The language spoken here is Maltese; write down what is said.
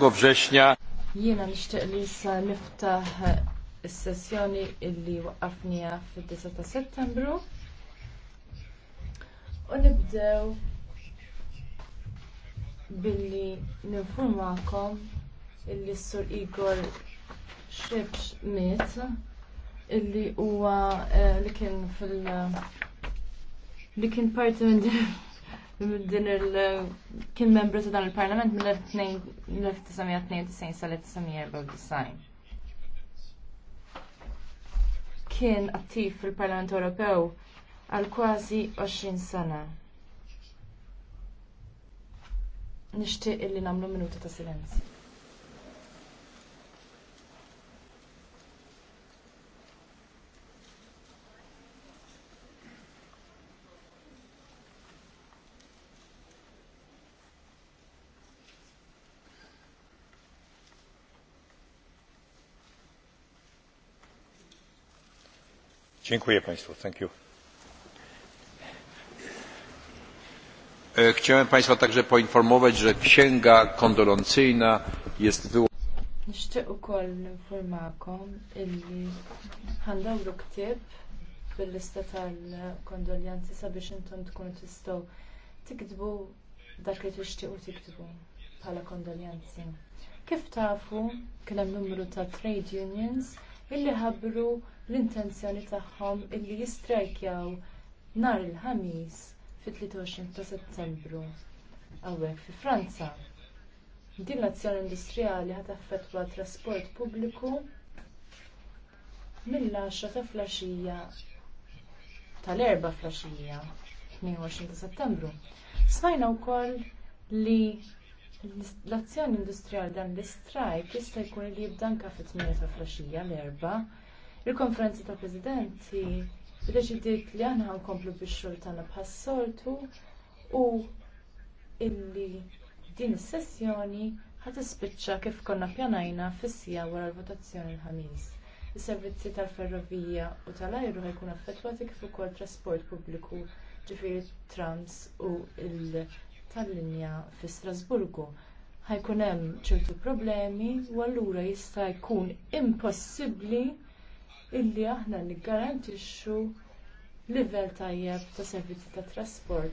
Għobżeċnja. Jiena nixtieq li issa niftaħ is-sessjoni illi waqafnija fid-9 ta' Settembru. U nibdew billi ninfurmakom illi s-sur Igor Xibx miet illi huwa eh, li kien fil- li kien parti minn din il- kien membru ta' dan il-Parlament mill-1992 sal-1994. Kien attiv fil-Parlament Ewropew għal kważi 20 sena. Nixtieq illi nagħmlu minuta ta' silenzju. Dziękuję Państwu. Thank you. E, chciałem Państwa także poinformować, że księga kondolencyjna jest wyłączona. Nixtieq ukoll ninformakom illi ħandawru ktieb bil lista tal-kondoljanzi sabiex intom tkun tistgħu tiktbu dak li tixtiequ tiktbu bħala kondoljanzi. Kif tafu kien hemm numru ta' trade unions illi ħabbru l-intenzjoni tagħhom illi jistrajkjaw nhar il-ħamis fit-23 ta' Settembru għawek fi Franza. Din l-azzjoni industrijali ħat affettwa t trasport pubbliku mill-10 ta' flaxija tal-erba flaxija 22 ta' settembru. Smajna wkoll li L-azzjoni industrijali dan l-istrajk jista' jkun li jibda anke fi 8 ta' flaxija l-erba. Il-konferenza ta' presidenti deċidiet li aħna nkomplu bix-xogħol tagħna bħas-soltu u illi din is-sessjoni ħat ispiċċa kif konna pjanajna fis-sija wara l-votazzjoni l-ħamis. Is-servizzi tal-ferrovija u tal-ajru ħajkun affettwati kif ukoll trasport pubbliku ġifieri trams u l tal-linja fi Strasburgu. Ħajkun hemm ċertu problemi u allura jista' jkun impossibbli illi aħna niggarantixxu livell tajjeb ta' servizzi tat trasport.